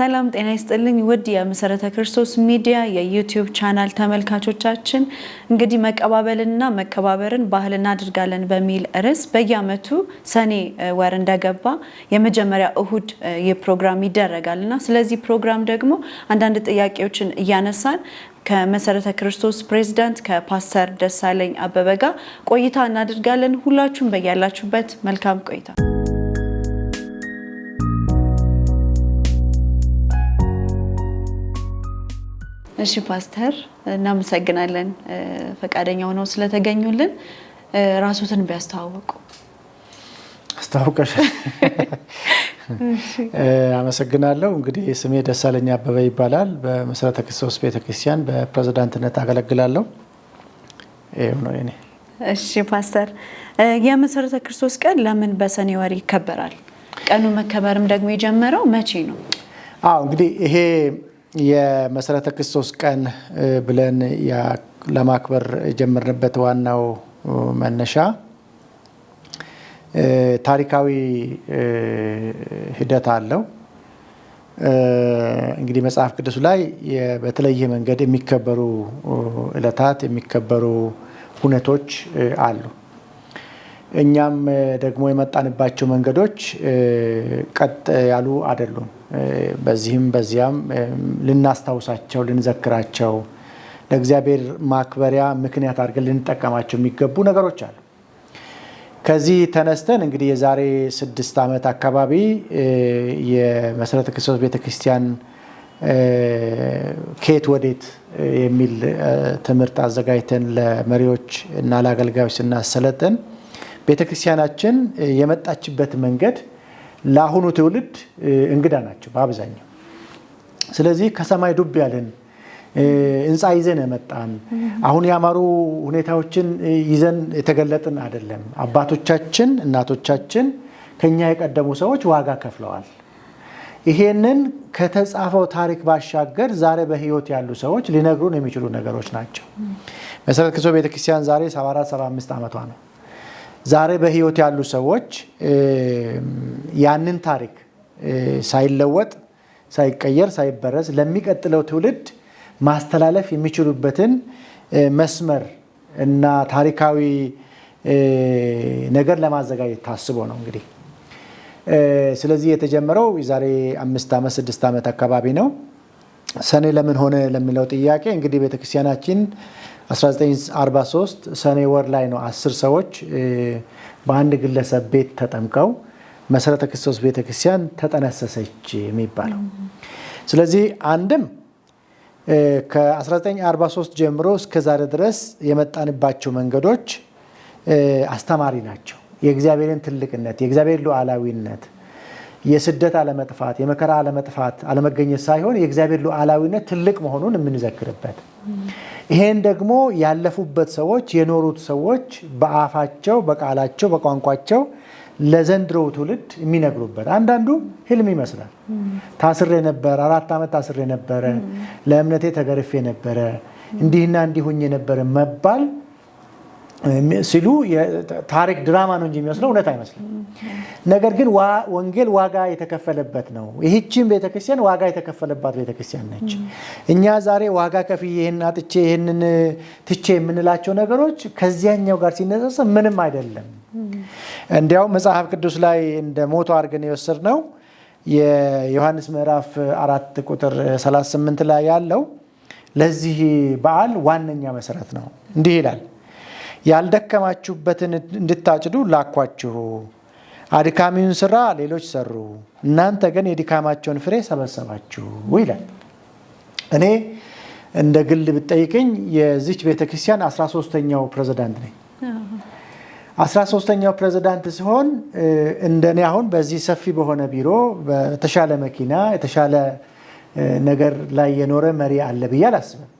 ሰላም ጤና ይስጥልኝ ውድ የመሰረተ ክርስቶስ ሚዲያ የዩቲዩብ ቻናል ተመልካቾቻችን፣ እንግዲህ መቀባበልና መከባበርን ባህል እናድርጋለን በሚል ርዕስ በየዓመቱ ሰኔ ወር እንደገባ የመጀመሪያ እሁድ ይህ ፕሮግራም ይደረጋል እና ስለዚህ ፕሮግራም ደግሞ አንዳንድ ጥያቄዎችን እያነሳን ከመሰረተ ክርስቶስ ፕሬዝዳንት ከፓስተር ደሳለኝ አበበ ጋር ቆይታ እናድርጋለን። ሁላችሁም በያላችሁበት መልካም ቆይታ እሺ ፓስተር እናመሰግናለን፣ ፈቃደኛ ሆነው ስለተገኙልን። ራሱትን ቢያስተዋወቁ። አስተዋውቀሽ አመሰግናለሁ። እንግዲህ ስሜ ደሳለኝ አበበ ይባላል። በመሰረተ ክርስቶስ ቤተክርስቲያን በፕሬዝዳንትነት አገለግላለሁ። ይኸው ነው ኔ እሺ ፓስተር፣ የመሰረተ ክርስቶስ ቀን ለምን በሰኔ ወር ይከበራል? ቀኑ መከበርም ደግሞ የጀመረው መቼ ነው? አዎ እንግዲህ ይሄ የመሰረተ ክርስቶስ ቀን ብለን ለማክበር የጀመርንበት ዋናው መነሻ ታሪካዊ ሂደት አለው። እንግዲህ መጽሐፍ ቅዱስ ላይ በተለየ መንገድ የሚከበሩ እለታት የሚከበሩ ሁነቶች አሉ። እኛም ደግሞ የመጣንባቸው መንገዶች ቀጥ ያሉ አይደሉም። በዚህም በዚያም ልናስታውሳቸው፣ ልንዘክራቸው ለእግዚአብሔር ማክበሪያ ምክንያት አድርገን ልንጠቀማቸው የሚገቡ ነገሮች አሉ። ከዚህ ተነስተን እንግዲህ የዛሬ ስድስት ዓመት አካባቢ የመሰረተ ክርስቶስ ቤተክርስቲያን ከየት ወዴት የሚል ትምህርት አዘጋጅተን ለመሪዎች እና ለአገልጋዮች ስናሰለጥን ቤተክርስቲያናችን የመጣችበት መንገድ ለአሁኑ ትውልድ እንግዳ ናቸው በአብዛኛው። ስለዚህ ከሰማይ ዱብ ያለን ህንፃ ይዘን የመጣን አሁን ያማሩ ሁኔታዎችን ይዘን የተገለጥን አይደለም። አባቶቻችን፣ እናቶቻችን ከኛ የቀደሙ ሰዎች ዋጋ ከፍለዋል። ይሄንን ከተጻፈው ታሪክ ባሻገር ዛሬ በህይወት ያሉ ሰዎች ሊነግሩን የሚችሉ ነገሮች ናቸው። መሰረት ክርስቶስ ቤተክርስቲያን ዛሬ 74 75 ዓመቷ ነው። ዛሬ በህይወት ያሉ ሰዎች ያንን ታሪክ ሳይለወጥ፣ ሳይቀየር፣ ሳይበረዝ ለሚቀጥለው ትውልድ ማስተላለፍ የሚችሉበትን መስመር እና ታሪካዊ ነገር ለማዘጋጀት ታስቦ ነው እንግዲህ። ስለዚህ የተጀመረው የዛሬ አምስት ዓመት ስድስት ዓመት አካባቢ ነው። ሰኔ ለምን ሆነ ለሚለው ጥያቄ እንግዲህ ቤተክርስቲያናችን 1943 ሰኔ ወር ላይ ነው አስር ሰዎች በአንድ ግለሰብ ቤት ተጠምቀው መሰረተ ክርስቶስ ቤተክርስቲያን ተጠነሰሰች የሚባለው። ስለዚህ አንድም ከ1943 ጀምሮ እስከ ዛሬ ድረስ የመጣንባቸው መንገዶች አስተማሪ ናቸው። የእግዚአብሔርን ትልቅነት፣ የእግዚአብሔር ሉዓላዊነት የስደት አለመጥፋት፣ የመከራ አለመጥፋት፣ አለመገኘት ሳይሆን የእግዚአብሔር ሉዓላዊነት ትልቅ መሆኑን የምንዘክርበት ይሄን ደግሞ ያለፉበት ሰዎች የኖሩት ሰዎች በአፋቸው በቃላቸው በቋንቋቸው ለዘንድሮው ትውልድ የሚነግሩበት አንዳንዱ ህልም ይመስላል። ታስሬ ነበረ፣ አራት ዓመት ታስሬ ነበረ፣ ለእምነቴ ተገርፌ ነበረ፣ እንዲህና እንዲሁኝ የነበረ መባል ሲሉ ታሪክ ድራማ ነው እንጂ የሚመስለው እውነት አይመስልም። ነገር ግን ወንጌል ዋጋ የተከፈለበት ነው። ይህችን ቤተክርስቲያን ዋጋ የተከፈለባት ቤተክርስቲያን ነች። እኛ ዛሬ ዋጋ ከፍዬ ይህን አጥቼ ይህንን ትቼ የምንላቸው ነገሮች ከዚያኛው ጋር ሲነጻጸር ምንም አይደለም። እንዲያውም መጽሐፍ ቅዱስ ላይ እንደ ሞቶ አድርገን የወሰድነው የዮሐንስ ምዕራፍ አራት ቁጥር 38 ላይ ያለው ለዚህ በዓል ዋነኛ መሰረት ነው። እንዲህ ይላል ያልደከማችሁበትን እንድታጭዱ ላኳችሁ። አድካሚውን ስራ ሌሎች ሰሩ፣ እናንተ ግን የድካማቸውን ፍሬ ሰበሰባችሁ ይላል። እኔ እንደ ግል ብጠይቅኝ የዚች ቤተ ክርስቲያን አስራ ሶስተኛው ፕሬዚዳንት ነኝ። አስራ ሶስተኛው ፕሬዚዳንት ሲሆን እንደኔ አሁን በዚህ ሰፊ በሆነ ቢሮ በተሻለ መኪና የተሻለ ነገር ላይ የኖረ መሪ አለ ብዬ አላስብም።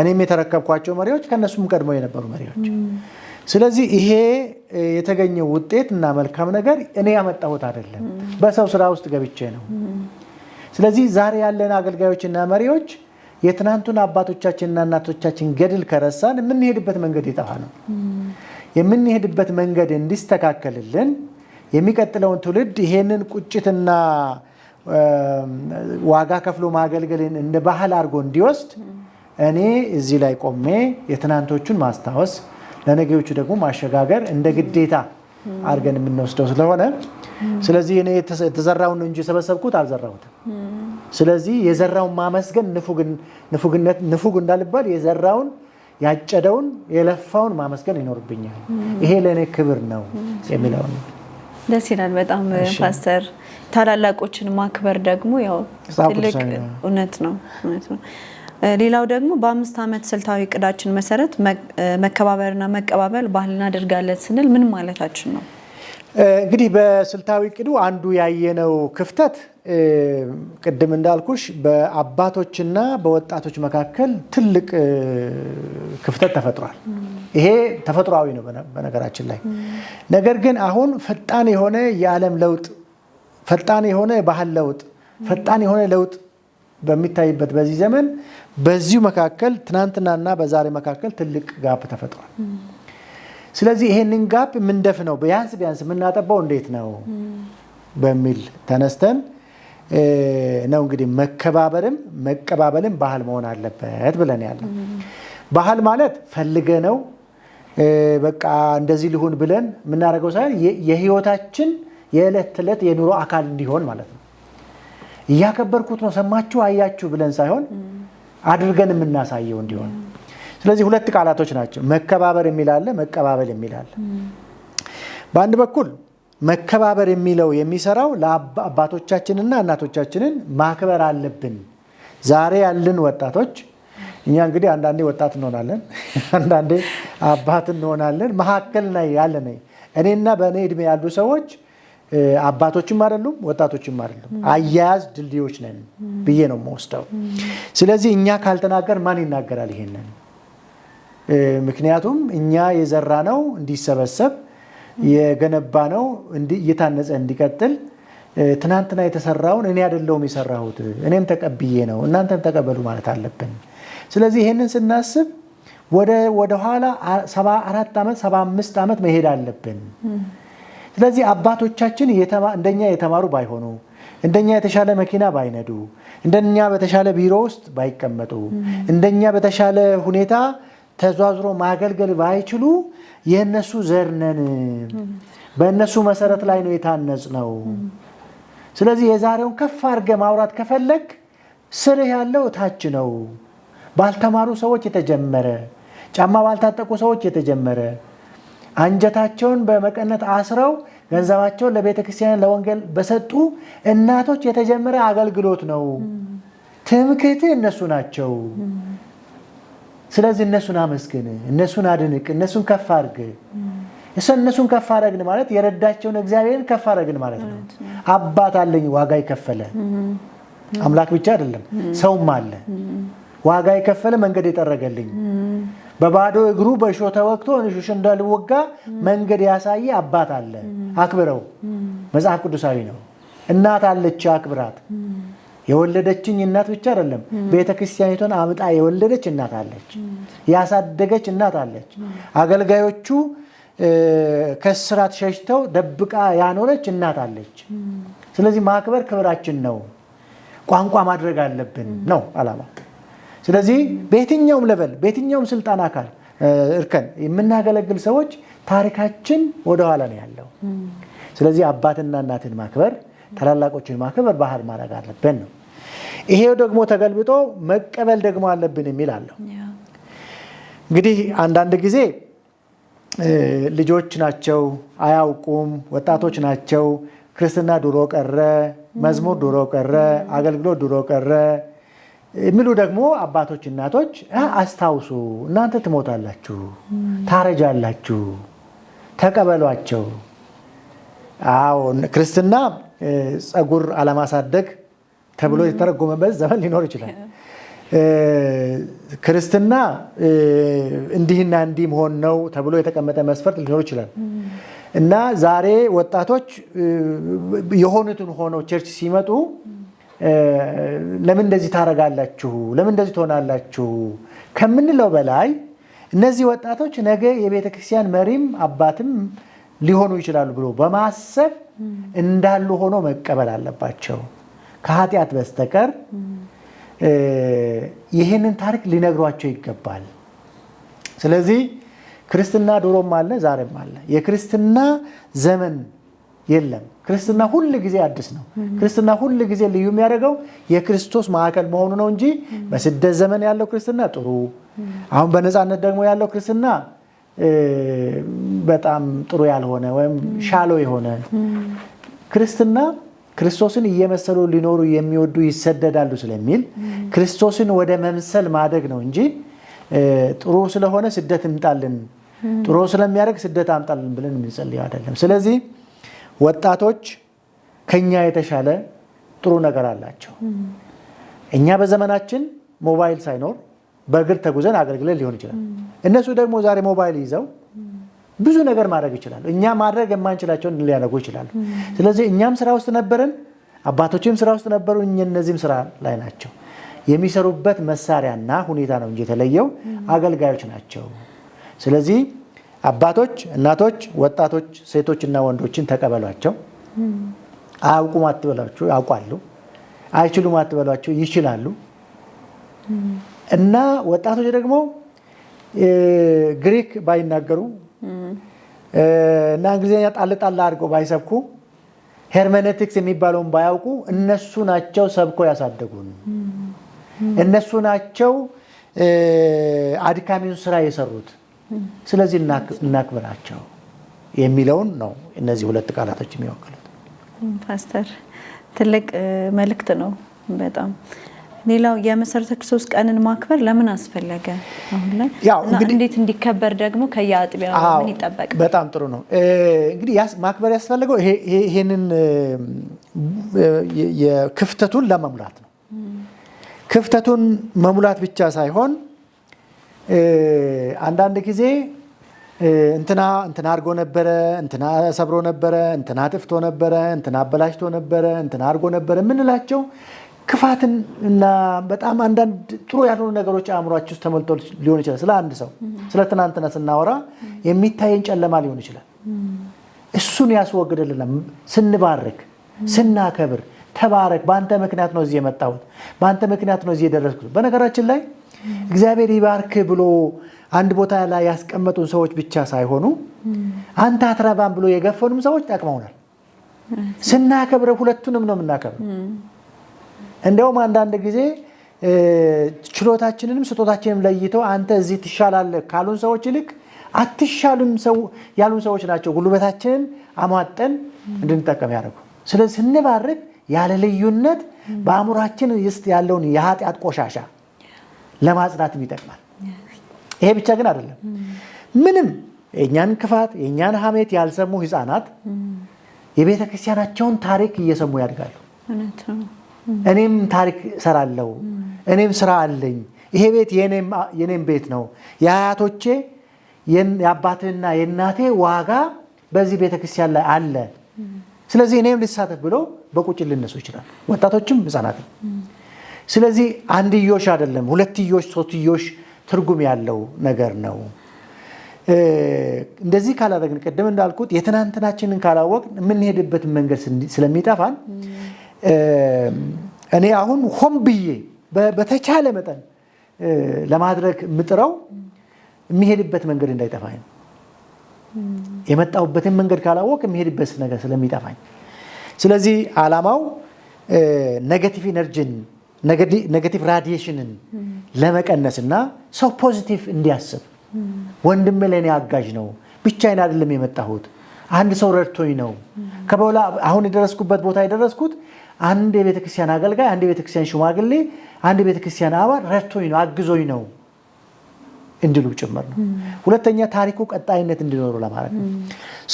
እኔም የተረከብኳቸው መሪዎች ከእነሱም ቀድሞ የነበሩ መሪዎች። ስለዚህ ይሄ የተገኘው ውጤት እና መልካም ነገር እኔ ያመጣሁት አይደለም፣ በሰው ስራ ውስጥ ገብቼ ነው። ስለዚህ ዛሬ ያለን አገልጋዮችና መሪዎች የትናንቱን አባቶቻችንና እናቶቻችን ገድል ከረሳን የምንሄድበት መንገድ የጠፋ ነው። የምንሄድበት መንገድ እንዲስተካከልልን የሚቀጥለውን ትውልድ ይሄንን ቁጭትና ዋጋ ከፍሎ ማገልገልን እንደ ባህል አድርጎ እንዲወስድ እኔ እዚህ ላይ ቆሜ የትናንቶቹን ማስታወስ ለነገዎቹ ደግሞ ማሸጋገር እንደ ግዴታ አድርገን የምንወስደው ስለሆነ ስለዚህ እኔ የተዘራውን እንጂ የሰበሰብኩት አልዘራሁትም። ስለዚህ የዘራውን ማመስገን ንፉግ እንዳልባል የዘራውን ያጨደውን የለፋውን ማመስገን ይኖርብኛል። ይሄ ለእኔ ክብር ነው የሚለውን ደስ ይላል በጣም ፓስተር። ታላላቆችን ማክበር ደግሞ ያው ትልቅ እውነት ነው እውነት ነው። ሌላው ደግሞ በአምስት ዓመት ስልታዊ እቅዳችን መሰረት መከባበርና መቀባበል ባህል እናደርጋለን ስንል ምን ማለታችን ነው? እንግዲህ በስልታዊ እቅዱ አንዱ ያየነው ክፍተት ቅድም እንዳልኩሽ በአባቶችና በወጣቶች መካከል ትልቅ ክፍተት ተፈጥሯል። ይሄ ተፈጥሯዊ ነው በነገራችን ላይ። ነገር ግን አሁን ፈጣን የሆነ የዓለም ለውጥ፣ ፈጣን የሆነ የባህል ለውጥ፣ ፈጣን የሆነ ለውጥ በሚታይበት በዚህ ዘመን በዚሁ መካከል ትናንትናና በዛሬ መካከል ትልቅ ጋፕ ተፈጥሯል። ስለዚህ ይሄንን ጋፕ የምንደፍነው ቢያንስ ቢያንስ የምናጠባው እንዴት ነው በሚል ተነስተን ነው እንግዲህ መከባበርም መቀባበልም ባህል መሆን አለበት ብለን ያለ ባህል ማለት ፈልገ ነው በቃ እንደዚህ ሊሆን ብለን የምናደርገው ሳይሆን የህይወታችን የዕለት ተዕለት የኑሮ አካል እንዲሆን ማለት ነው። እያከበርኩት ነው ሰማችሁ አያችሁ ብለን ሳይሆን አድርገን የምናሳየው እንዲሆን። ስለዚህ ሁለት ቃላቶች ናቸው፣ መከባበር የሚላለ መቀባበል የሚላለ በአንድ በኩል መከባበር የሚለው የሚሰራው ለአባቶቻችንና እናቶቻችንን ማክበር አለብን። ዛሬ ያለን ወጣቶች እኛ እንግዲህ አንዳንዴ ወጣት እንሆናለን፣ አንዳንዴ አባት እንሆናለን። መካከል ላይ ያለ እኔና በእኔ እድሜ ያሉ ሰዎች አባቶችም አይደሉም ወጣቶችም አይደሉም። አያያዝ ድልድዮች ነን ብዬ ነው የምወስደው። ስለዚህ እኛ ካልተናገር ማን ይናገራል ይሄንን? ምክንያቱም እኛ የዘራ ነው እንዲሰበሰብ የገነባ ነው እየታነጸ እንዲቀጥል ትናንትና የተሰራውን እኔ አይደለሁም የሰራሁት እኔም ተቀብዬ ነው እናንተም ተቀበሉ ማለት አለብን። ስለዚህ ይሄንን ስናስብ ወደ ኋላ ሰባ አራት ዓመት ሰባ ዓመት መሄድ አለብን። ስለዚህ አባቶቻችን እንደኛ የተማሩ ባይሆኑ እንደኛ የተሻለ መኪና ባይነዱ እንደኛ በተሻለ ቢሮ ውስጥ ባይቀመጡ እንደኛ በተሻለ ሁኔታ ተዟዝሮ ማገልገል ባይችሉ የእነሱ ዘር ነን፣ በእነሱ መሰረት ላይ ነው የታነጽ ነው። ስለዚህ የዛሬውን ከፍ አድርገ ማውራት ከፈለግ ስርህ ያለው ታች ነው። ባልተማሩ ሰዎች የተጀመረ ጫማ ባልታጠቁ ሰዎች የተጀመረ አንጀታቸውን በመቀነት አስረው ገንዘባቸውን ለቤተ ክርስቲያን ለወንጌል በሰጡ እናቶች የተጀመረ አገልግሎት ነው። ትምክህት እነሱ ናቸው። ስለዚህ እነሱን አመስግን፣ እነሱን አድንቅ፣ እነሱን ከፍ አድርግ። እነሱን ከፍ አረግን ማለት የረዳቸውን እግዚአብሔርን ከፍ አረግን ማለት ነው። አባት አለኝ ዋጋ የከፈለ አምላክ ብቻ አይደለም፣ ሰውም አለ ዋጋ የከፈለ መንገድ የጠረገልኝ በባዶ እግሩ በእሾህ ተወግቶ ንሹሽ እንዳልወጋ መንገድ ያሳየ አባት አለ። አክብረው። መጽሐፍ ቅዱሳዊ ነው። እናት አለች፣ አክብራት። የወለደችኝ እናት ብቻ አይደለም፣ ቤተ ክርስቲያኒቷን አምጣ የወለደች እናት አለች፣ ያሳደገች እናት አለች። አገልጋዮቹ ከስራት ሸሽተው ደብቃ ያኖረች እናት አለች። ስለዚህ ማክበር ክብራችን ነው። ቋንቋ ማድረግ አለብን ነው አላማ ስለዚህ በየትኛውም ለበል በየትኛውም ስልጣን አካል እርከን የምናገለግል ሰዎች ታሪካችን ወደኋላ ነው ያለው። ስለዚህ አባትና እናትን ማክበር፣ ታላላቆችን ማክበር ባህል ማድረግ አለብን ነው። ይሄው ደግሞ ተገልብጦ መቀበል ደግሞ አለብን የሚል አለው። እንግዲህ አንዳንድ ጊዜ ልጆች ናቸው አያውቁም፣ ወጣቶች ናቸው ክርስትና ድሮ ቀረ፣ መዝሙር ድሮ ቀረ፣ አገልግሎት ድሮ ቀረ የሚሉ ደግሞ አባቶች፣ እናቶች አስታውሱ፣ እናንተ ትሞታላችሁ፣ ታረጃላችሁ፣ ተቀበሏቸው። አሁን ክርስትና ጸጉር አለማሳደግ ተብሎ የተተረጎመበት ዘመን ሊኖር ይችላል። ክርስትና እንዲህና እንዲህ መሆን ነው ተብሎ የተቀመጠ መስፈርት ሊኖር ይችላል እና ዛሬ ወጣቶች የሆኑትን ሆነው ቸርች ሲመጡ ለምን እንደዚህ ታረጋላችሁ፣ ለምን እንደዚህ ትሆናላችሁ ከምንለው በላይ እነዚህ ወጣቶች ነገ የቤተ ክርስቲያን መሪም አባትም ሊሆኑ ይችላሉ ብሎ በማሰብ እንዳሉ ሆኖ መቀበል አለባቸው። ከኃጢአት በስተቀር ይህንን ታሪክ ሊነግሯቸው ይገባል። ስለዚህ ክርስትና ድሮም አለ፣ ዛሬም አለ። የክርስትና ዘመን የለም። ክርስትና ሁል ጊዜ አዲስ ነው። ክርስትና ሁል ጊዜ ልዩ የሚያደርገው የክርስቶስ ማዕከል መሆኑ ነው እንጂ በስደት ዘመን ያለው ክርስትና ጥሩ፣ አሁን በነፃነት ደግሞ ያለው ክርስትና በጣም ጥሩ ያልሆነ ወይም ሻሎ የሆነ ክርስትና ክርስቶስን እየመሰሉ ሊኖሩ የሚወዱ ይሰደዳሉ ስለሚል ክርስቶስን ወደ መምሰል ማደግ ነው እንጂ ጥሩ ስለሆነ ስደት እንጣልን ጥሩ ስለሚያደርግ ስደት አምጣልን ብለን የምንጸልየው አይደለም። ስለዚህ ወጣቶች ከኛ የተሻለ ጥሩ ነገር አላቸው። እኛ በዘመናችን ሞባይል ሳይኖር በእግር ተጉዘን አገልግለን ሊሆን ይችላል። እነሱ ደግሞ ዛሬ ሞባይል ይዘው ብዙ ነገር ማድረግ ይችላሉ። እኛ ማድረግ የማንችላቸውን ሊያደርጉ ይችላሉ። ስለዚህ እኛም ስራ ውስጥ ነበርን፣ አባቶችም ስራ ውስጥ ነበሩ። እነዚህም ስራ ላይ ናቸው። የሚሰሩበት መሳሪያና ሁኔታ ነው እንጂ የተለየው አገልጋዮች ናቸው። ስለዚህ አባቶች፣ እናቶች፣ ወጣቶች፣ ሴቶችና ወንዶችን ተቀበሏቸው። አያውቁም አትበሏቸው፣ ያውቋሉ። አይችሉም ማትበሏቸው ይችላሉ። እና ወጣቶች ደግሞ ግሪክ ባይናገሩ እና እንግሊዝኛ ጣል ጣል አድርገው ባይሰብኩ ሄርሜኔቲክስ የሚባለውን ባያውቁ እነሱ ናቸው ሰብኮ ያሳደጉን። እነሱ ናቸው አድካሚውን ስራ የሰሩት። ስለዚህ እናክብራቸው የሚለውን ነው እነዚህ ሁለት ቃላቶች የሚወክሉት። ፓስተር ትልቅ መልእክት ነው በጣም ሌላው የመሰረተ ክርስቶስ ቀንን ማክበር ለምን አስፈለገ? አሁን ላይ እንዴት እንዲከበር ደግሞ ከየአጥቢያ ምን ይጠበቅ? በጣም ጥሩ ነው። እንግዲህ ማክበር ያስፈለገው ይሄንን የክፍተቱን ለመሙላት ነው። ክፍተቱን መሙላት ብቻ ሳይሆን አንዳንድ ጊዜ እንትና እንትና አድርጎ ነበረ፣ እንትና ሰብሮ ነበረ፣ እንትና ጥፍቶ ነበረ፣ እንትና አበላሽቶ ነበረ፣ እንትና አድርጎ ነበረ የምንላቸው ክፋትን እና በጣም አንዳንድ ጥሩ ያልሆኑ ነገሮች አእምሯችሁ ውስጥ ተሞልቶ ሊሆን ይችላል። ስለ አንድ ሰው ስለ ትናንትና ስናወራ የሚታየን ጨለማ ሊሆን ይችላል። እሱን ያስወግድልናል። ስንባርክ፣ ስናከብር፣ ተባረክ፣ በአንተ ምክንያት ነው እዚህ የመጣሁት፣ በአንተ ምክንያት ነው እዚህ የደረስኩት። በነገራችን ላይ እግዚአብሔር ይባርክ ብሎ አንድ ቦታ ላይ ያስቀመጡን ሰዎች ብቻ ሳይሆኑ አንተ አትረባም ብሎ የገፈኑም ሰዎች ጠቅመውናል። ስናከብረ ሁለቱንም ነው የምናከብረው። እንደውም አንዳንድ ጊዜ ችሎታችንንም ስጦታችንም ለይተው አንተ እዚህ ትሻላለህ ካሉን ሰዎች ይልቅ አትሻሉም ያሉን ሰዎች ናቸው ጉልበታችንን አሟጠን እንድንጠቀም ያደርጉ። ስለዚህ ስንባርክ ያለ ልዩነት በአእምሯችን ውስጥ ያለውን የኃጢአት ቆሻሻ ለማጽዳትም ይጠቅማል። ይሄ ብቻ ግን አይደለም። ምንም የእኛን ክፋት የእኛን ሐሜት ያልሰሙ ህፃናት የቤተ ክርስቲያናቸውን ታሪክ እየሰሙ ያድጋሉ። እኔም ታሪክ ሰራለው፣ እኔም ስራ አለኝ፣ ይሄ ቤት የኔም ቤት ነው፣ የአያቶቼ የአባትህና የእናቴ ዋጋ በዚህ ቤተ ክርስቲያን ላይ አለ፣ ስለዚህ እኔም ልሳተፍ ብሎ በቁጭ ልነሱ ይችላል። ወጣቶችም ህፃናትም ስለዚህ አንድዮሽ አይደለም፣ ሁለትዮሽ ሶስትዮሽ ትርጉም ያለው ነገር ነው። እንደዚህ ካላደረግን ቅድም እንዳልኩት የትናንትናችንን ካላወቅን የምንሄድበትን መንገድ ስለሚጠፋን እኔ አሁን ሆን ብዬ በተቻለ መጠን ለማድረግ የምጥረው የሚሄድበት መንገድ እንዳይጠፋኝ ነው። የመጣሁበትን መንገድ ካላወቅ የሚሄድበት ነገር ስለሚጠፋኝ፣ ስለዚህ ዓላማው ኔጋቲቭ ኢነርጂን ኔጋቲቭ ራዲዬሽንን ለመቀነስ እና ሰው ፖዚቲቭ እንዲያስብ ወንድም ለእኔ አጋዥ ነው፣ ብቻዬን አይደለም የመጣሁት፣ አንድ ሰው ረድቶኝ ነው። ከበኋላ አሁን የደረስኩበት ቦታ የደረስኩት አንድ የቤተክርስቲያን አገልጋይ፣ አንድ የቤተክርስቲያን ሽማግሌ፣ አንድ የቤተክርስቲያን አባል ረድቶኝ ነው አግዞኝ ነው እንዲሉ ጭምር ነው። ሁለተኛ ታሪኩ ቀጣይነት እንዲኖሩ ለማለት ነው።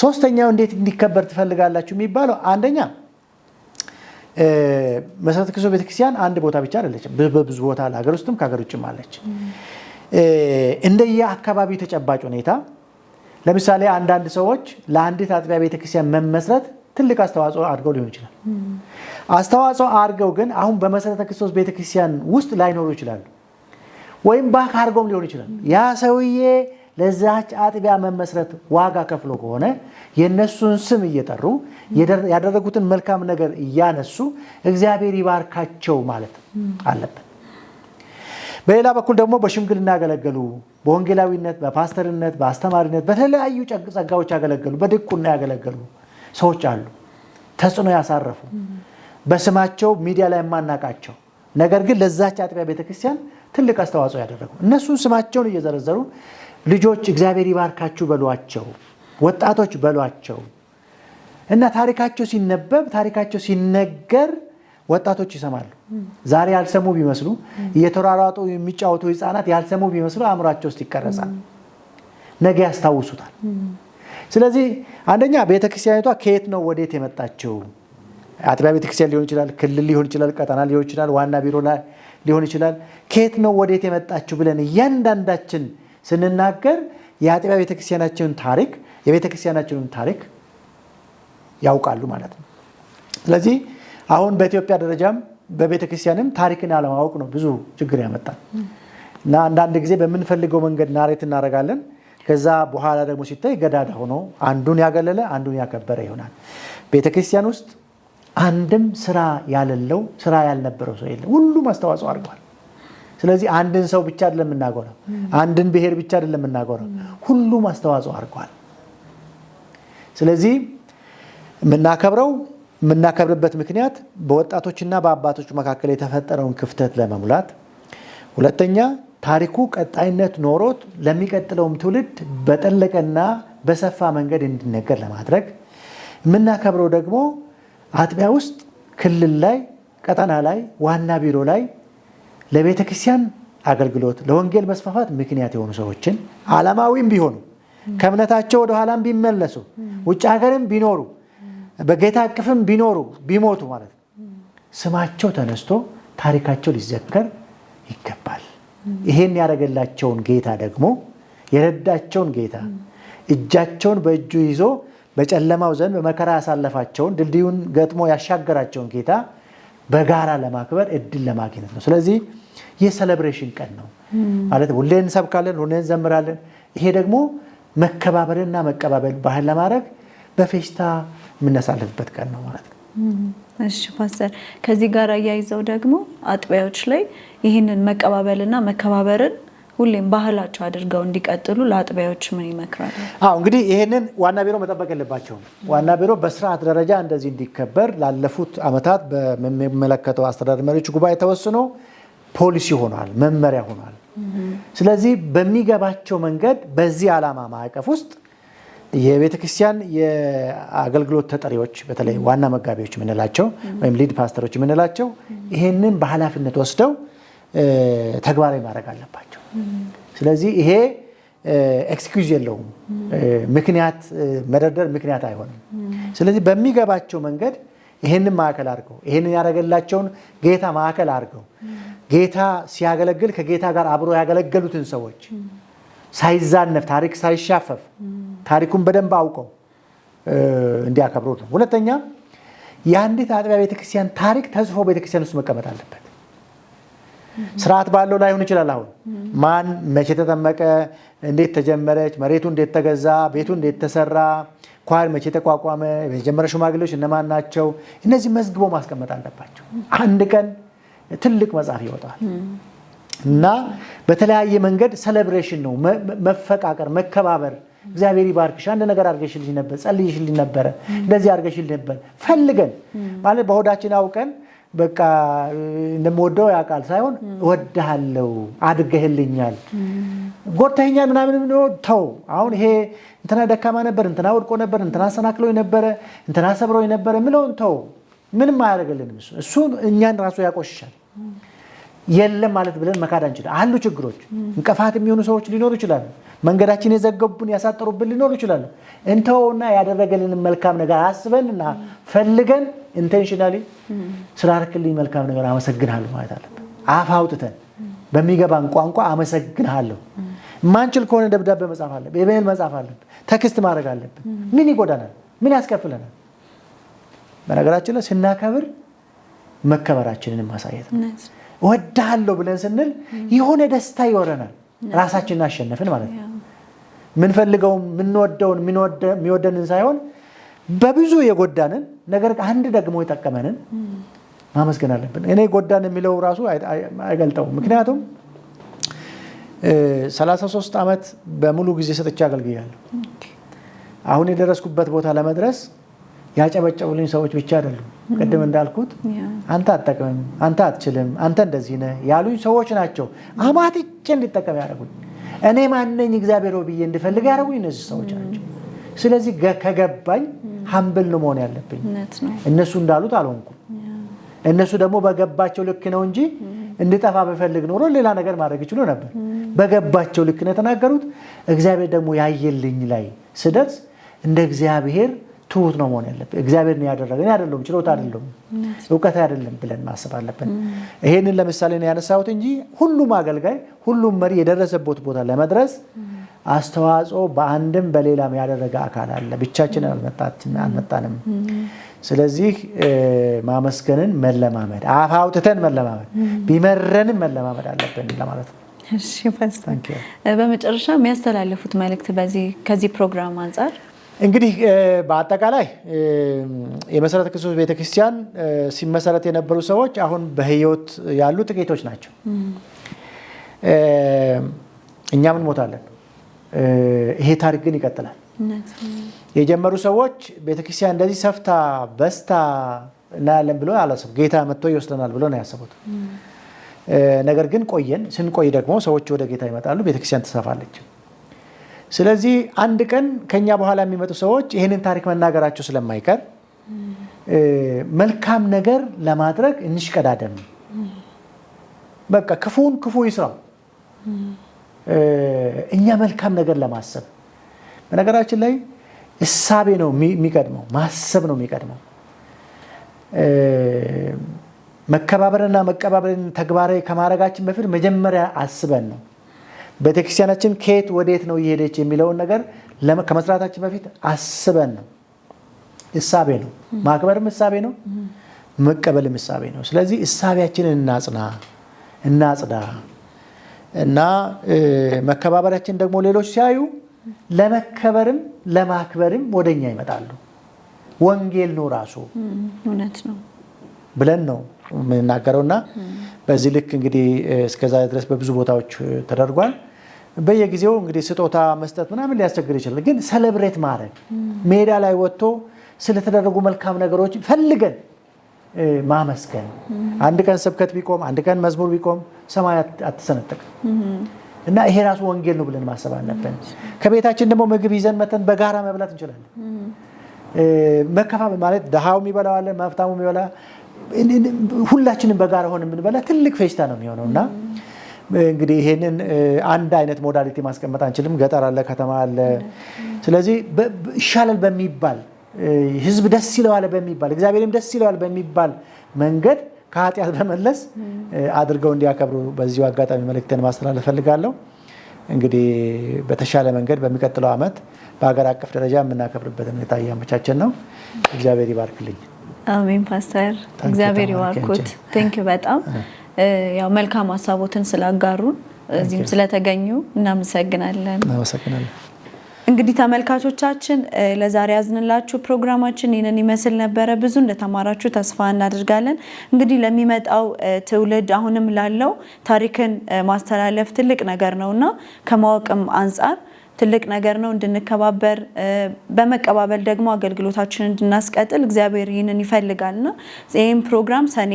ሶስተኛው እንዴት እንዲከበር ትፈልጋላችሁ የሚባለው አንደኛ መሰረተ ክርስቶስ ቤተክርስቲያን አንድ ቦታ ብቻ አይደለችም። በብዙ ቦታ ለሀገር ውስጥም ከሀገር ውጭም አለች። እንደየ አካባቢ ተጨባጭ ሁኔታ ለምሳሌ አንዳንድ ሰዎች ለአንዲት አጥቢያ ቤተክርስቲያን መመስረት ትልቅ አስተዋጽኦ አድርገው ሊሆን ይችላል። አስተዋጽኦ አድርገው ግን አሁን በመሰረተ ክርስቶስ ቤተክርስቲያን ውስጥ ላይኖሩ ይችላሉ፣ ወይም ባክ አድርገውም ሊሆን ይችላል። ያ ሰውዬ ለዛች አጥቢያ መመስረት ዋጋ ከፍሎ ከሆነ የእነሱን ስም እየጠሩ ያደረጉትን መልካም ነገር እያነሱ እግዚአብሔር ይባርካቸው ማለት አለብን። በሌላ በኩል ደግሞ በሽምግልና ያገለገሉ፣ በወንጌላዊነት፣ በፓስተርነት፣ በአስተማሪነት፣ በተለያዩ ጸጋዎች ያገለገሉ፣ በድቁና ያገለገሉ ሰዎች አሉ። ተጽዕኖ ያሳረፉ በስማቸው ሚዲያ ላይ የማናቃቸው ነገር ግን ለዛች አጥቢያ ቤተክርስቲያን ትልቅ አስተዋጽኦ ያደረጉ እነሱን ስማቸውን እየዘረዘሩ ልጆች እግዚአብሔር ይባርካችሁ በሏቸው፣ ወጣቶች በሏቸው እና ታሪካቸው ሲነበብ ታሪካቸው ሲነገር ወጣቶች ይሰማሉ። ዛሬ ያልሰሙ ቢመስሉ እየተሯሯጡ የሚጫወቱ ህፃናት ያልሰሙ ቢመስሉ አእምሯቸው ውስጥ ይቀረጻል፣ ነገ ያስታውሱታል። ስለዚህ አንደኛ ቤተክርስቲያኒቷ ከየት ነው ወዴት የመጣችው? አጥቢያ ቤተክርስቲያን ሊሆን ይችላል፣ ክልል ሊሆን ይችላል፣ ቀጠና ሊሆን ይችላል፣ ዋና ቢሮ ሊሆን ይችላል። ከየት ነው ወዴት የመጣችው ብለን እያንዳንዳችን ስንናገር የአጥቢያ ቤተክርስቲያናችንን ታሪክ የቤተክርስቲያናችንን ታሪክ ያውቃሉ ማለት ነው። ስለዚህ አሁን በኢትዮጵያ ደረጃም በቤተክርስቲያንም ታሪክን አለማወቅ ነው ብዙ ችግር ያመጣል እና አንዳንድ ጊዜ በምንፈልገው መንገድ ናሬት እናደርጋለን። ከዛ በኋላ ደግሞ ሲታይ ገዳዳ ሆኖ አንዱን ያገለለ አንዱን ያከበረ ይሆናል። ቤተክርስቲያን ውስጥ አንድም ስራ ያለለው ስራ ያልነበረው ሰው የለም። ሁሉም አስተዋጽኦ አድርጓል። ስለዚህ አንድን ሰው ብቻ አይደለም የምናጎረው፣ አንድን ብሔር ብቻ አይደለም የምናጎረው፣ ሁሉም አስተዋጽኦ አድርገዋል። ስለዚህ የምናከብረው የምናከብርበት ምክንያት በወጣቶችና በአባቶች መካከል የተፈጠረውን ክፍተት ለመሙላት፣ ሁለተኛ ታሪኩ ቀጣይነት ኖሮት ለሚቀጥለውም ትውልድ በጠለቀና በሰፋ መንገድ እንዲነገር ለማድረግ የምናከብረው ደግሞ አጥቢያ ውስጥ ክልል ላይ ቀጠና ላይ ዋና ቢሮ ላይ ለቤተ ክርስቲያን አገልግሎት ለወንጌል መስፋፋት ምክንያት የሆኑ ሰዎችን ዓላማዊም ቢሆኑ ከእምነታቸው ወደኋላም ቢመለሱ ውጭ ሀገርም ቢኖሩ በጌታ እቅፍም ቢኖሩ ቢሞቱ ማለት ነው ስማቸው ተነስቶ ታሪካቸው ሊዘከር ይገባል። ይሄን ያደረገላቸውን ጌታ ደግሞ የረዳቸውን ጌታ እጃቸውን በእጁ ይዞ በጨለማው ዘንድ በመከራ ያሳለፋቸውን ድልድዩን ገጥሞ ያሻገራቸውን ጌታ በጋራ ለማክበር እድል ለማግኘት ነው። ስለዚህ የሰለብሬሽን ቀን ነው ማለት ሁሌ እንሰብካለን፣ ሁሌ እንዘምራለን። ይሄ ደግሞ መከባበርና መቀባበል ባህል ለማድረግ በፌሽታ የምናሳልፍበት ቀን ነው ማለት ነው። እሺ ፓስተር፣ ከዚህ ጋር አያይዘው ደግሞ አጥቢያዎች ላይ ይህንን መቀባበልና መከባበርን ሁሌም ባህላቸው አድርገው እንዲቀጥሉ ለአጥቢያዎች ምን ይመክራል? አዎ እንግዲህ ይህንን ዋና ቢሮ መጠበቅ የለባቸውም። ዋና ቢሮ በስርዓት ደረጃ እንደዚህ እንዲከበር ላለፉት ዓመታት በሚመለከተው አስተዳደር መሪዎች ጉባኤ ተወስኖ ፖሊሲ ሆኗል፣ መመሪያ ሆኗል። ስለዚህ በሚገባቸው መንገድ በዚህ ዓላማ ማዕቀፍ ውስጥ የቤተ ክርስቲያን የአገልግሎት ተጠሪዎች በተለይ ዋና መጋቢዎች የምንላቸው ወይም ሊድ ፓስተሮች የምንላቸው ይሄንን በኃላፊነት ወስደው ተግባራዊ ማድረግ አለባቸው። ስለዚህ ይሄ ኤክስኪዝ የለውም፣ ምክንያት መደርደር ምክንያት አይሆንም። ስለዚህ በሚገባቸው መንገድ ይሄንን ማዕከል አድርገው ይሄንን ያደረገላቸውን ጌታ ማዕከል አድርገው ጌታ ሲያገለግል ከጌታ ጋር አብሮ ያገለገሉትን ሰዎች ሳይዛነፍ ታሪክ ሳይሻፈፍ ታሪኩን በደንብ አውቀው እንዲያከብሩት ነው። ሁለተኛ የአንዲት አጥቢያ ቤተክርስቲያን ታሪክ ተጽፎ ቤተክርስቲያን ውስጥ መቀመጥ አለበት። ስርዓት ባለው ላይሆን ይችላል። አሁን ማን መቼ ተጠመቀ፣ እንዴት ተጀመረች፣ መሬቱ እንዴት ተገዛ፣ ቤቱ እንዴት ተሰራ ኳር መቼ ተቋቋመ፣ የመጀመሪያ ሽማግሌዎች እነማን ናቸው፣ እነዚህ መዝግቦ ማስቀመጥ አለባቸው። አንድ ቀን ትልቅ መጽሐፍ ይወጣል እና በተለያየ መንገድ ሰለብሬሽን ነው መፈቃቀር፣ መከባበር እግዚአብሔር ይባርክሽ፣ አንድ ነገር አድርገሽልኝ ነበር፣ ጸልይሽልኝ ነበረ፣ እንደዚህ አድርገሽልኝ ነበር። ፈልገን ማለት በሆዳችን አውቀን በቃ እንደምወደው ያውቃል ሳይሆን እወድሃለሁ፣ አድገህልኛል፣ ጎድተኸኛል፣ ምናምን ተው። አሁን ይሄ እንትና ደካማ ነበር፣ እንትና ወድቆ ነበር፣ እንትና አሰናክሎ ነበረ፣ እንትና ሰብሮ ነበረ፣ ምለውን ተው። ምንም አያደርግልንም። እሱ እኛን ራሱ ያቆሽሻል። የለም ማለት ብለን መካድ አንችልም። አሉ ችግሮች፣ እንቅፋት የሚሆኑ ሰዎች ሊኖሩ ይችላሉ። መንገዳችን የዘገቡብን ያሳጠሩብን ሊኖሩ ይችላሉ። እንተውና ያደረገልንን መልካም ነገር አስበንና ፈልገን ኢንቴንሽናሊ ስላደረክልኝ መልካም ነገር አመሰግናለሁ ማለት አለብን። አፍ አውጥተን በሚገባን ቋንቋ አመሰግናለሁ ማንችል ከሆነ ደብዳቤ መጻፍ አለብን፣ ኢሜል መጻፍ አለብን፣ ተክስት ማድረግ አለብን። ምን ይጎዳናል? ምን ያስከፍለናል? በነገራችን ላይ ስናከብር መከበራችንን ማሳየት ነው። ወዳለው ብለን ስንል የሆነ ደስታ ይወረናል። ራሳችንን አሸነፍን ማለት ነው። ምንፈልገውን ምንወደውን የሚወደንን ሳይሆን በብዙ የጎዳንን ነገር አንድ ደግሞ የጠቀመንን ማመስገን አለብን። እኔ ጎዳን የሚለው ራሱ አይገልጠውም። ምክንያቱም 33 ዓመት በሙሉ ጊዜ ሰጥቼ አገልግያለሁ። አሁን የደረስኩበት ቦታ ለመድረስ ያጨበጨቡልኝ ሰዎች ብቻ አይደሉም። ቅድም እንዳልኩት አንተ አትጠቅምም፣ አንተ አትችልም፣ አንተ እንደዚህ ነህ ያሉኝ ሰዎች ናቸው አማትጬ እንዲጠቀም ያደረጉኝ። እኔ ማነኝ እግዚአብሔር ብዬ እንድፈልግ ያደረጉኝ እነዚህ ሰዎች ናቸው። ስለዚህ ከገባኝ ሀምብል ነው መሆን ያለብኝ። እነሱ እንዳሉት አልሆንኩም። እነሱ ደግሞ በገባቸው ልክ ነው እንጂ እንድጠፋ ብፈልግ ኖሮ ሌላ ነገር ማድረግ ይችሉ ነበር። በገባቸው ልክ ነው የተናገሩት። እግዚአብሔር ደግሞ ያየልኝ ላይ ስደርስ እንደ እግዚአብሔር ትሁት ነው መሆን ያለብን። እግዚአብሔር ያደረገ አይደለም፣ ችሎታ አይደለም፣ እውቀት አይደለም ብለን ማሰብ አለብን። ይሄንን ለምሳሌ ነው ያነሳሁት እንጂ ሁሉም አገልጋይ፣ ሁሉም መሪ የደረሰበት ቦታ ለመድረስ አስተዋጽኦ በአንድም በሌላም ያደረገ አካል አለ። ብቻችንን አልመጣንም። ስለዚህ ማመስገንን መለማመድ፣ አፍ አውጥተን መለማመድ፣ ቢመረንም መለማመድ አለብን ለማለት ነው። በመጨረሻ የሚያስተላለፉት መልእክት በዚህ ከዚህ ፕሮግራም አንጻር እንግዲህ በአጠቃላይ የመሰረተ ክርስቶስ ቤተክርስቲያን ሲመሰረት የነበሩ ሰዎች አሁን በህይወት ያሉ ጥቂቶች ናቸው። እኛም እንሞታለን። ይሄ ታሪክ ግን ይቀጥላል። የጀመሩ ሰዎች ቤተክርስቲያን እንደዚህ ሰፍታ በስታ እናያለን ብሎ አላሰቡ። ጌታ መጥቶ ይወስደናል ብሎ ነው ያሰቡት። ነገር ግን ቆየን። ስንቆይ ደግሞ ሰዎች ወደ ጌታ ይመጣሉ፣ ቤተክርስቲያን ትሰፋለች። ስለዚህ አንድ ቀን ከኛ በኋላ የሚመጡ ሰዎች ይህንን ታሪክ መናገራቸው ስለማይቀር መልካም ነገር ለማድረግ እንሽቀዳደም። በቃ ክፉን ክፉ ይስራው፣ እኛ መልካም ነገር ለማሰብ በነገራችን ላይ እሳቤ ነው የሚቀድመው፣ ማሰብ ነው የሚቀድመው። መከባበርና መቀባበርን ተግባራዊ ከማድረጋችን በፊት መጀመሪያ አስበን ነው ቤተክርስቲያናችን ከየት ወደየት ነው እየሄደች የሚለውን ነገር ከመስራታችን በፊት አስበን ነው። እሳቤ ነው። ማክበርም እሳቤ ነው፣ መቀበልም እሳቤ ነው። ስለዚህ እሳቤያችንን እናጽና እናጽዳ እና መከባበሪያችን ደግሞ ሌሎች ሲያዩ ለመከበርም ለማክበርም ወደኛ ይመጣሉ። ወንጌል ነው ራሱ እውነት ነው ብለን ነው የምንናገረው እና በዚህ ልክ እንግዲህ እስከዛ ድረስ በብዙ ቦታዎች ተደርጓል። በየጊዜው እንግዲህ ስጦታ መስጠት ምናምን ሊያስቸግር ይችላል። ግን ሰለብሬት ማድረግ ሜዳ ላይ ወጥቶ ስለተደረጉ መልካም ነገሮች ፈልገን ማመስገን። አንድ ቀን ስብከት ቢቆም፣ አንድ ቀን መዝሙር ቢቆም ሰማይ አትሰነጥቅም እና ይሄ ራሱ ወንጌል ነው ብለን ማሰብ አለብን። ከቤታችን ደግሞ ምግብ ይዘን መተን በጋራ መብላት እንችላለን። መከፋፈል ማለት ድሃውም ይበላዋለን፣ መፍታሙም ይበላ፣ ሁላችንም በጋራ ሆን የምንበላ ትልቅ ፌሽታ ነው የሚሆነው እና እንግዲህ ይሄንን አንድ አይነት ሞዳሊቲ ማስቀመጥ አንችልም። ገጠር አለ፣ ከተማ አለ። ስለዚህ ይሻላል በሚባል ህዝብ ደስ ይለዋል በሚባል እግዚአብሔርም ደስ ይለዋል በሚባል መንገድ ከኃጢአት በመለስ አድርገው እንዲያከብሩ በዚሁ አጋጣሚ መልእክትን ማስተላለፍ ፈልጋለሁ። እንግዲህ በተሻለ መንገድ በሚቀጥለው ዓመት በሀገር አቀፍ ደረጃ የምናከብርበትን ሁኔታ እያመቻቸን ነው። እግዚአብሔር ይባርክልኝ። አሜን። ፓስተር እግዚአብሔር ይባርኩት። ቴንክ ዩ በጣም ያው መልካም ሀሳቦትን ስላጋሩን እዚህም ስለተገኙ እናመሰግናለን። እናመሰግናለን። እንግዲህ ተመልካቾቻችን ለዛሬ ያዝንላችሁ ፕሮግራማችን ይህንን ይመስል ነበረ። ብዙ እንደተማራችሁ ተስፋ እናደርጋለን። እንግዲህ ለሚመጣው ትውልድ አሁንም ላለው ታሪክን ማስተላለፍ ትልቅ ነገር ነውና ከማወቅም አንጻር ትልቅ ነገር ነው። እንድንከባበር በመቀባበል ደግሞ አገልግሎታችን እንድናስቀጥል እግዚአብሔር ይህንን ይፈልጋልና ይህም ፕሮግራም ሰኔ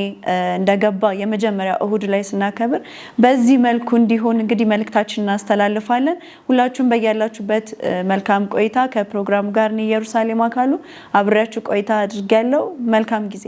እንደገባ የመጀመሪያ እሁድ ላይ ስናከብር በዚህ መልኩ እንዲሆን እንግዲህ መልእክታችን እናስተላልፋለን። ሁላችሁም በያላችሁበት መልካም ቆይታ ከፕሮግራሙ ጋር እኔ ኢየሩሳሌም አካሉ አብሬያችሁ ቆይታ አድርጌያለሁ። መልካም ጊዜ